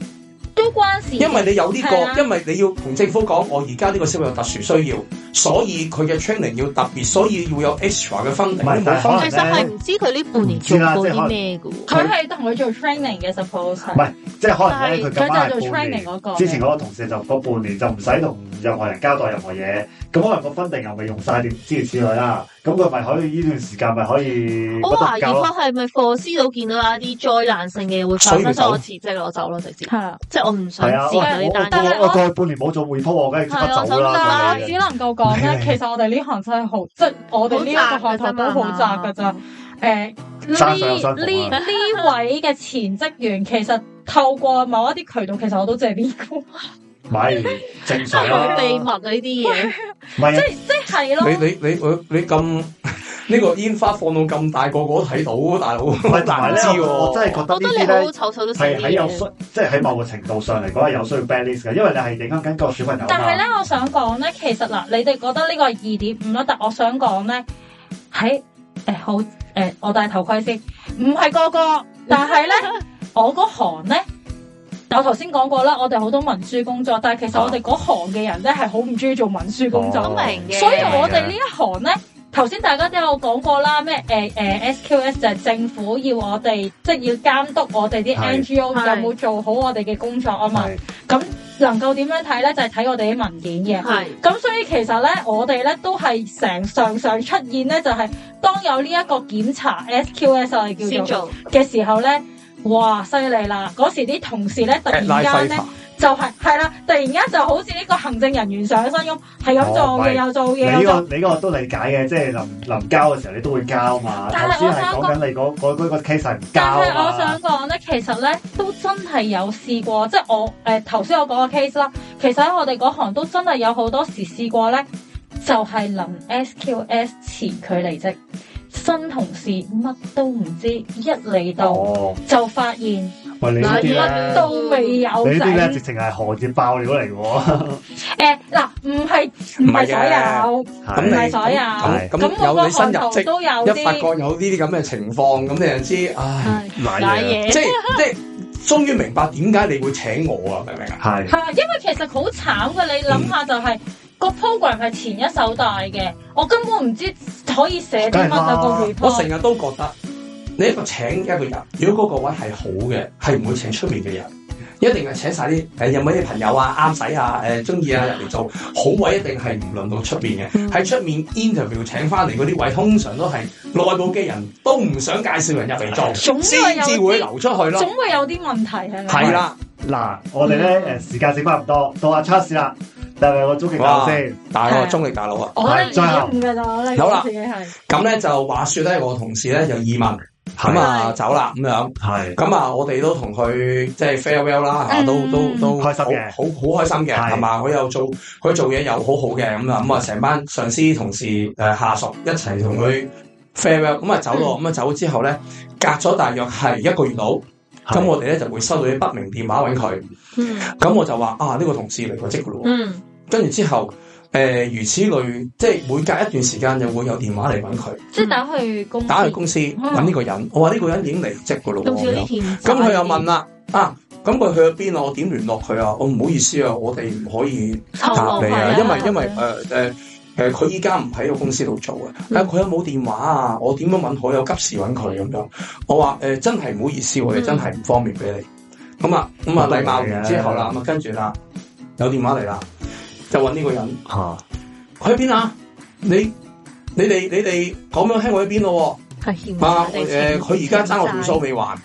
都關事，因為你有呢、這個、啊，因為你要同政府講，我而家呢個小朋友有特殊需要，所以佢嘅 training 要特別，所以要有 extra 嘅 funding。唔係，其實係唔知佢呢半年做咗啲咩嘅。佢係同佢做 training 嘅 suppose 唔係即係、就是、可能係佢。佢就做 training 嗰、那個，之前嗰個同事就嗰半年就唔使同任何人交代任何嘢，咁可能個 funding 又咪用晒，知之之類啦。咁佢咪可以呢段時間咪可以？好懷疑佢係咪 foresee 到見到有一啲災難性嘅嘢會發生，所以，所以我辭職我走咯直接。係啊，即係我唔想接佢、啊、但係但係我過半年冇做匯覆我梗係不走啦。我先得只能夠講咧，其實我哋呢行真係好即係我哋呢一個行頭都好窄噶咋。誒呢呢呢位嘅前職員其實透過某一啲渠道，其實我都知係邊個。 [LAUGHS] 買正常、啊、是是秘密㗎呢啲嘢，即即係、就是、咯你。你你你你你咁呢個煙花放到咁大個，個，我都睇到，大佬。唔大同我真係覺得你你咧，醜醜都係喺有需，即係喺某個程度上嚟講係有需要 balance 嘅。因為你係點樣跟個小朋友。但係咧，我想講咧，其實嗱，你哋覺得呢個二點五啦，但我想講咧，喺誒、呃、好誒、呃，我戴頭盔先，唔係個個，但係咧， [LAUGHS] 我嗰行咧。我頭先講過啦，我哋好多文書工作，但係其實我哋嗰行嘅人咧，係好唔中意做文書工作。都明嘅，所以我哋呢一行咧，頭先大家都有講過啦，咩誒誒 SQS 就係政府要我哋即係要監督我哋啲 NGO 有冇做好我哋嘅工作啊嘛。咁能夠點樣睇咧？就係、是，睇我哋啲文件嘅。係咁，所以其實咧，我哋咧都係成常常出現咧，就係、是，當有呢一個檢查 SQS 我哋叫做嘅時候咧。哇，犀利啦！嗰時啲同事咧，突然間咧，就係係啦，突然間就好似呢個行政人員上身咁，係咁做嘅又、哦、做嘢。你呢、呢個你個都理解嘅，即係臨臨交嘅時候你都會交嘛。頭先係講緊你嗰嗰嗰個 case 唔、嗰個、交嘛。但係我想講咧，其實咧都真係有試過，即係我誒頭先我講個 case 啦。其實喺我哋嗰行都真係有好多時試過咧，就係臨 S Q S 前佢離職。新同事乜都唔知，一嚟到、哦、就發現嗱，乜都未有你這些呢。呢啲咧直情係行業爆料嚟嘅。誒、 [LAUGHS] 呃，嗱、呃，唔係唔係所有，唔係所有。咁有，有你新入職一發覺有呢啲咁嘅情況，咁、嗯、你又知道，唉，瀨嘢， [LAUGHS] 即係即係，終於明白點解你會請我啊？明唔明啊？係，因為其實好慘嘅，你諗下就係、是。嗯個 program 係前一手帶嘅，我根本唔知可以寫啲乜啊、個 report。我成日都覺得你一個請一個人，如果嗰個位係好嘅，係唔會請出面嘅人。一定係請晒啲誒，有冇啲朋友啊，啱使、 [MUSIC] 嗯、啊，誒，中意啊，入嚟做好位一定係唔輪到出面嘅，喺 [LAUGHS] 出面 interview 請翻嚟嗰啲位，通常都係內部嘅人都唔想介紹人入嚟做，先至會，會流出去咯。總會有啲問題係、啊、咪？係、嗯、啦，嗱，我哋咧誒，時間剩翻唔多，到阿 Charles 啦，係咪我中極大佬先？大個中極大佬啊，大佬。有啦。咁咧就話說咧，我同事咧有疑問。咁啊，走啦咁樣，係咁啊，我哋都同佢即係 farewell 啦，吓都都都開心嘅，的的做的他做事也很好好開心嘅，係嘛，佢又做佢做嘢又好好嘅咁啦，咁啊，成班上司同事誒下屬一齊同佢 farewell，咁啊走咯，咁啊走之後咧，隔咗大約係一個月到，咁我哋咧就會收到啲不明電話搵佢，咁我就話啊呢、啊這個同事離過職噶咯，嗯，跟住之後。誒、呃，如此類，即係每隔一段時間就會有電話嚟搵佢，即係打去公打去公司搵呢個人。我話呢個人已經離職嘅咯，咁、嗯、佢、嗯嗯、又問啦、嗯，啊，咁佢去咗邊啊？我點聯絡佢啊？我唔好意思啊，我哋唔可以答你、哦、啊，因為因為誒誒誒，佢依家唔喺個公司度做啊，啊，佢、呃、有冇電話啊？我點樣搵？我有急事搵佢咁樣？我話誒、呃，真係唔好意思，我、嗯、哋、啊、真係唔方便俾你。咁啊咁啊，禮貌完之後啦，咁啊跟住啦，有電話嚟啦。就揾呢個人，佢喺邊啊？你你哋你哋咁樣聽我喺邊咯？係、啊呃、欠、欠我誒，佢而家爭我條數未還，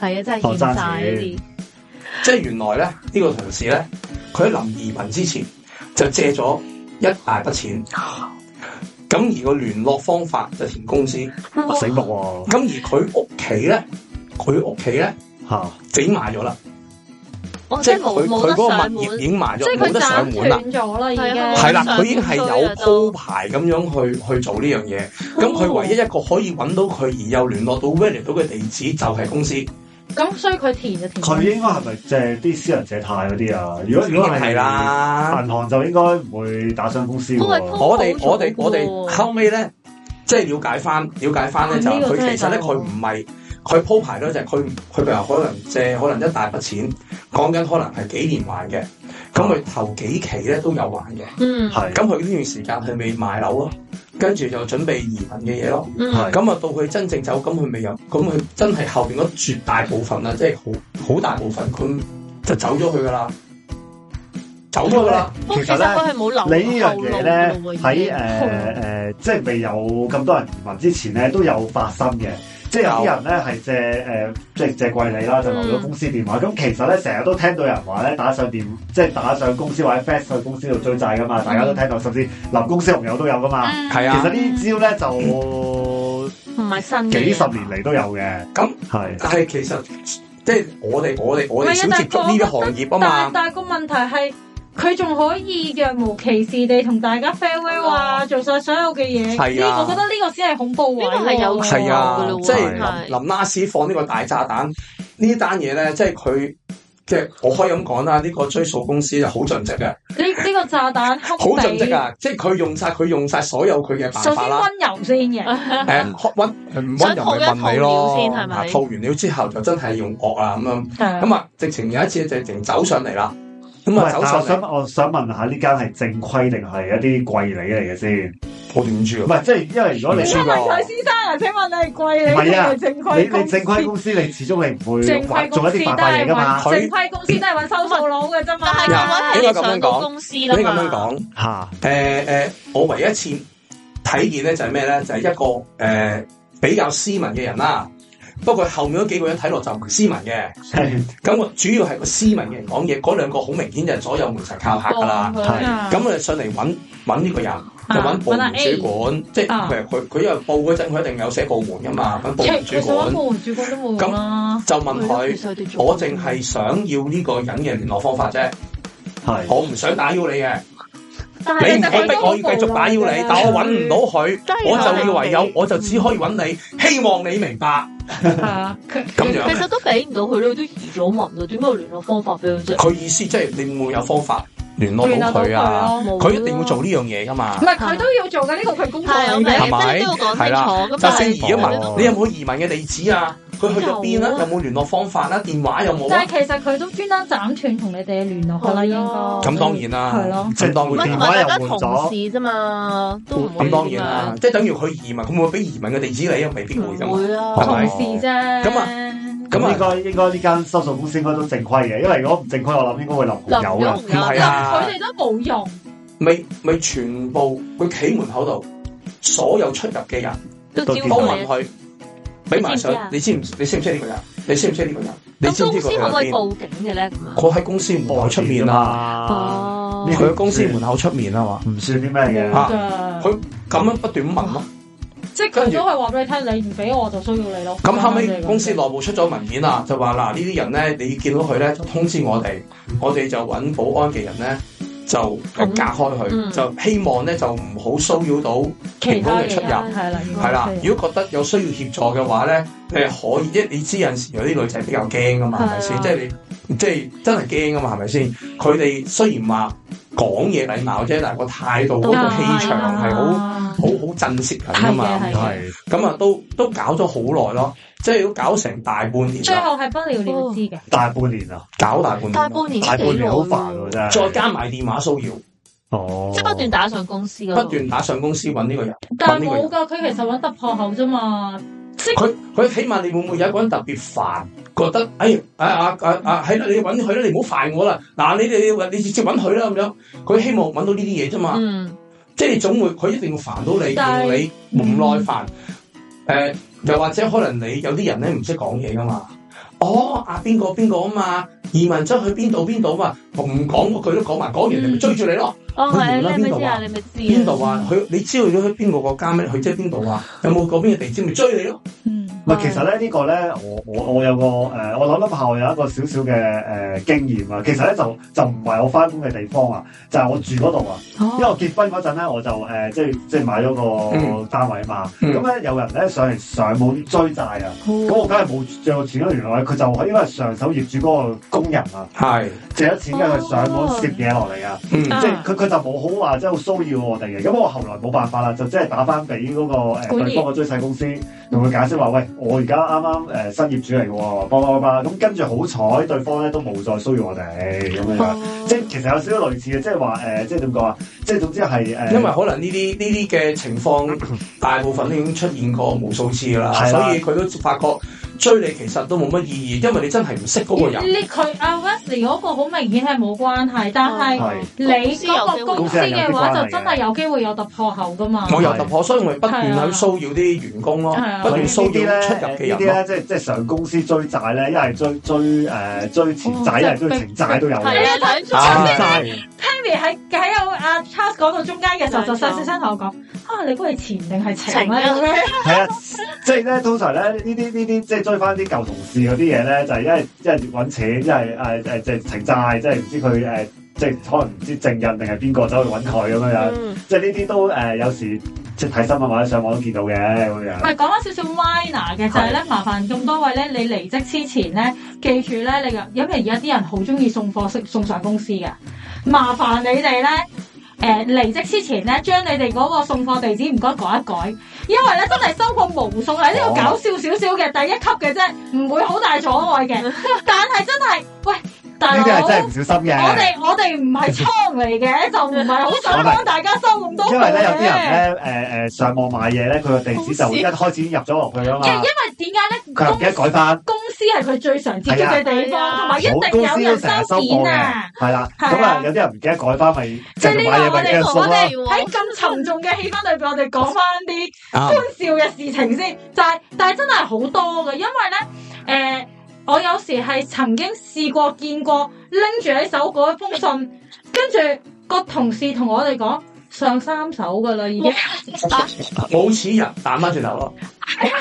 係啊，真係欠債。即、就、係、是、原來咧，呢、這個同事咧，佢喺臨移民之前就借咗一大筆錢，咁、啊、而個聯絡方法就填公司，哇、啊、咁、啊啊、而佢屋企咧，佢屋企咧，吓整埋咗啦。哦、即係佢佢嗰個物業已經埋咗，冇得上門啦。係啦，佢已經係有鋪排咁樣去去做呢樣嘢。咁、哦、佢唯一一個可以揾到佢而又聯絡到 v a l e 到嘅地址就係公司。咁、哦、所以佢填，填是是就填。佢應該係咪即係啲私人借貸嗰啲啊？如果如果係，啦，銀行就應該唔會打上公司喎。我哋我哋我哋後尾咧、即、就、係、是、了解翻，了解翻咧、嗯、就佢、是、其實咧佢唔係。嗯佢鋪排咧就佢佢譬如可能借可能一大筆錢，講緊可能係幾年還嘅，咁佢頭幾期咧都有還嘅。嗯，咁佢呢段時間係未賣樓咯，跟住就準備移民嘅嘢咯。咁、嗯、啊，到佢真正走，咁佢未有，咁佢真係後面嗰絕大部分啦，即係好好大部分，佢就走咗去噶啦，走咗噶啦。其實呢，實你呢樣嘢咧，喺誒、啊 uh, uh，即係未有咁多人移民之前咧，都有發生嘅。即係有啲人咧係借即係、呃、借貴利啦，就留咗公司電話。咁、嗯、其實咧，成日都聽到人話咧，打上電，即係打上公司或者 fax 去公司度追債噶嘛。大家都聽到，嗯、甚至淋公司紅油都有噶嘛。啊、嗯，其實呢招咧就唔係新，幾十年嚟都有嘅。咁係，但係其實即係我哋我哋我哋少涉足呢個行業啊嘛。但係個問題係。佢仲可以若無其事地同大家 farewell 啊，做晒所有嘅嘢。呢、啊，我覺得呢個先係恐怖位、這個、有係啊，即、那、係、個就是、臨，臨 last 放呢個大炸彈、這個、呢單嘢咧，即係佢即係我可以咁講啦。呢、這個追數公司就好盡職嘅。呢呢、這個炸彈好盡職啊！即係佢用晒，佢用晒所有佢嘅辦法啦。首先溫柔先嘅，誒溫溫柔去問你咯，套套料先，係咪套完了之後就真係用惡啊咁樣。咁啊、嗯，直情有一次就直情走上嚟啦。我想，我想問一下一、嗯，我想問下呢間係正規定係一啲貴利嚟嘅先，我點知？唔係，即係因為如果你陳文才先生啊，請問你貴利係咪正規你，你正規公司你始終你唔會做一啲麻煩嘅嘛？正規公司都係揾收數佬嘅啫、就是啊啊、嘛。但咁我睇你營銷公司啦你咁樣講、呃呃、我唯一一次體驗咧就係咩咧？就係、是、一個、呃、比較斯文嘅人啦、啊。不過後面嗰幾個人睇落就唔斯文嘅，咁我主要係個斯文嘅人講嘢，嗰兩個好明顯就係左右門神靠客噶啦，係咁啊，上嚟揾揾呢個人，啊、就揾部門主管，即係譬如佢佢又報嗰陣，佢一定有寫部門噶嘛，揾、啊、部門主管，即部門主管都冇啦。就問佢，我淨係想要呢個人嘅聯絡方法啫，係我唔想打擾你嘅，你唔可逼我要繼續打擾你，但你，不打擾你但，但我揾唔到佢，我就以為有，我就只可以揾你、嗯，希望你明白。 [LAUGHS] 其實都俾唔到佢咯，都移咗民啦，點解聯絡方法俾佢啫？佢意思即係你冇有方法聯絡到佢啊？佢、啊、一定要做呢樣嘢㗎嘛？唔係佢都要做嘅，呢、啊這個佢工作嚟嘅，係、okay，咪？係啦，就姓移啊嘛，你有冇移民嘅地址啊？嗯佢去咗邊啦？有冇聯絡方法啦，啊？電話有冇，啊？但係其實佢都專登斬斷同你哋聯絡，係啦，啊，應該咁當然啦，係咯，即係當佢電話又換咗。咁當然啦，即係等於佢移民，佢會俾移民嘅地址你啊？未必會咁，唔會啊，冇事啫。咁啊，咁應該應該呢間收數公司應該都正規嘅，因為如果唔正規，我諗應該會冧有啦，唔係啊，佢哋都冇用，未未全部佢企門口度，所有出入嘅人都都問佢。俾埋上，你知唔你識唔識呢個人？你識唔識呢個人？你知唔知佢喺、嗯、公司可唔可以報警嘅咧？咁、嗯、喺公司門口出面啦、啊。佢、嗯、喺公司門口出面啊嘛，唔算啲咩嘢。佢咁、啊嗯啊、樣不斷咁問咯、啊啊啊，即係佢咗佢話俾你聽，你唔俾我就需要你咯。咁後尾公司內部出咗文件啦、啊嗯，就話嗱呢啲人咧，你見到佢咧，通知我哋、嗯，我哋就揾保安嘅人咧。就隔開佢，嗯，就希望咧就唔好騷擾到其他嘅出入，係啦。如果覺得有需要協助嘅話咧，你，嗯、可以。因為你知有陣時有啲女仔比較驚噶嘛，係咪先？即係你即係真係驚噶嘛，係咪先？佢哋雖然說說話講嘢禮貌啫，但係個態度嗰個氣場係好好好震懾人噶嘛，係咁啊，都都搞咗好耐咯。即係要搞成大半年，最後係不了了之嘅。大半年啊，搞大半年，大半年好煩啊,啊，真係。再加埋電話騷擾，哦，即係不斷打上公司咯，不斷打上公司揾呢個人。但係冇噶，佢其實揾突破口啫嘛。即係佢佢起碼你會唔會有一個人特別煩，覺得哎哎啊啊啊，喺啦，你揾佢啦，你唔好煩我啦。嗱，你哋你直接揾佢啦咁樣。佢希望揾到呢啲嘢啫嘛。嗯，即係你總會，佢一定要煩到你，令你唔耐煩。誒，嗯嗯。又或者可能你有啲人咧唔識講嘢噶嘛？哦，阿、啊、邊個邊個啊嘛？移民咗去邊度邊度啊嘛？唔講個句都講埋，講、嗯、完你咪追住你咯。哦，係你咪知，知啊？你咪知邊度啊？佢你知道咗去邊個國家咩？佢即係邊度啊？有冇嗰邊嘅地址咪 [LAUGHS] 追你咯？嗯。其實咧呢個咧，我我我有個誒、呃，我諗諗下，我有一個少少嘅誒經驗啊。其實咧就就唔係我翻工嘅地方啊，就係、是、我住嗰度啊。因為我結婚嗰陣咧，我就誒、呃、即係即係買咗個單位嘛。咁、嗯、咧、嗯、有人咧上嚟上門追債啊。咁、嗯、我梗係冇借到錢啦。原來佢就係因為上手業主嗰個工人啊，係借咗錢借，嘅去佢上網攝嘢落嚟啊。即係佢佢就冇好話即係好騷擾我哋嘅。咁我後來冇辦法啦，就即係打翻俾嗰個對方嘅追債公司，同佢解釋話喂。我而家啱啱誒新業主嚟嘅喎，叭叭叭，咁跟住好彩對方咧都冇再騷擾我哋。咁、嗯、即其實有少少類似嘅，即係話誒，即係點講啊？即係總之係、呃、因為可能呢啲呢啲嘅情況大部分都已經出現過無數次啦，所以佢都發覺。追你其實都冇乜意義，因為你真係唔識嗰個人。佢阿 Wesley 嗰個好明顯係冇關係，但係你嗰個公司嘅話就真係有機會有突破口噶嘛。冇有突破，所以咪不斷去騷擾啲員工咯、啊，不斷騷擾咧出入嘅人咧，即係即係上公司追債咧，一係追追誒追錢債，一、哦、係、就是、追情債都有啊。喺喺我阿 Charles 講到中間嘅時候就小小，就細細聲同我講：啊，你估係錢定係情咧？係 [LAUGHS] 啊，即係咧，通常咧呢啲呢啲，即係、就係、追翻啲舊同事嗰啲嘢咧，就係因為即係搵錢，即係誒誒即係情債，即係唔知佢誒。呃即係可能唔知道正人定係邊個走去搵佢咁樣樣，即係呢啲都誒有時即係睇新聞或者上網都見到嘅咁樣。係講咗少少 winner 嘅，就係、是、咧麻煩咁多位咧，你離職之前咧記住咧你，因為而家啲人好中意送貨送上公司嘅，麻煩你哋咧誒離職之前咧將你哋嗰個送貨地址唔該改一改，因為咧真係收貨無數喺呢度搞笑少少嘅第一級嘅啫，唔會好大阻礙嘅， [LAUGHS] 但係真係喂。但係我我哋我哋唔係倉嚟嘅， [LAUGHS] 就唔係好想幫大家收咁多嘅。因為咧有啲人咧，誒、呃、誒，上網買嘢咧，佢個地址就會一開始入咗落去啊嘛。嘅，因為點解咧？佢唔記得改翻。公司係佢最常接觸嘅地方，同埋、啊、一定有人收件啊。係啦，咁啊，啊啊嗯、有啲人唔記得改翻咪，就買、啊就是、我哋同我哋喺咁沉重嘅氣氛裏邊， [LAUGHS] 我哋講翻啲歡笑嘅事情先。啊、就係、是，但係真係好多嘅，因為咧，誒、呃。我有時係曾經試過見過拎住喺手嗰一封信，跟住個同事同我哋講上三手噶啦，已經冇此人，打翻轉頭咯。係啊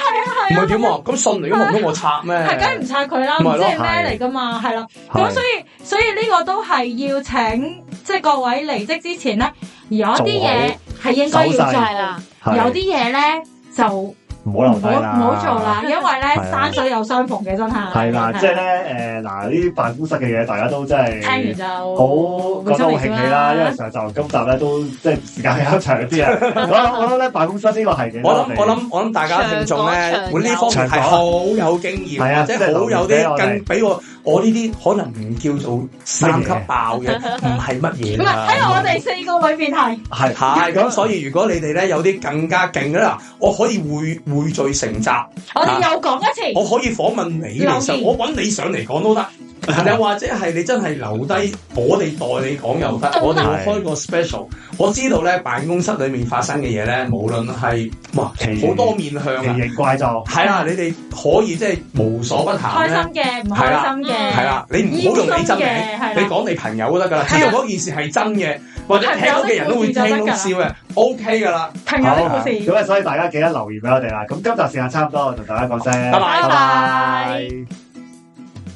係啊，唔係！點啊？咁信嚟都唔通我拆咩？係梗係唔拆佢啦。唔係係咩嚟噶嘛？係啦、啊。咁、啊啊啊、所以所以呢個都係要請即係、就係、各位離職之前咧、啊啊，有一啲嘢係應該要再啦，有啲嘢咧就。唔好留啦，唔好做啦，因為咧、啊、山水有相逢嘅真係。係啦即係咧誒嗱，呢啲、就是呃、辦公室嘅嘢，大家都真係聽完就好覺得好興起啦，因為上集、就今集咧都即係時間比較長啲啊。 [LAUGHS] 我我諗咧，辦公室呢個係嘅，我諗我諗我諗大家嘅仲咧本呢方面係好有經驗，即係好有啲更俾我。我呢啲可能唔叫做三級爆嘅，唔係乜嘢啦。喺 [LAUGHS] [LAUGHS] 我哋四個裏面，係係係。咁，所以如果你哋咧有啲更加勁嘅啦，我可以匯匯聚成集。我哋又講一次，我可以訪問你嚟上，我揾你上嚟講都得。你或者係你真係留低我哋代你講又得，我哋開個 special，我知道咧辦公室裏面發生嘅嘢咧，無論係哇，好多面向，奇異怪狀。係啦、啊、你哋可以即係無所不談。開心嘅，唔開心嘅。係啦、啊嗯啊嗯啊，你唔好用你真名、嗯，你講你朋友都得噶啦。知道嗰件事係真嘅、啊，或者聽到嘅人都會聽到笑嘅。OK 噶啦，朋友都冇事。咁啊，OK 嗯、所以大家記得留言俾我哋啦。咁今集時間差唔多，同大家講聲，拜拜。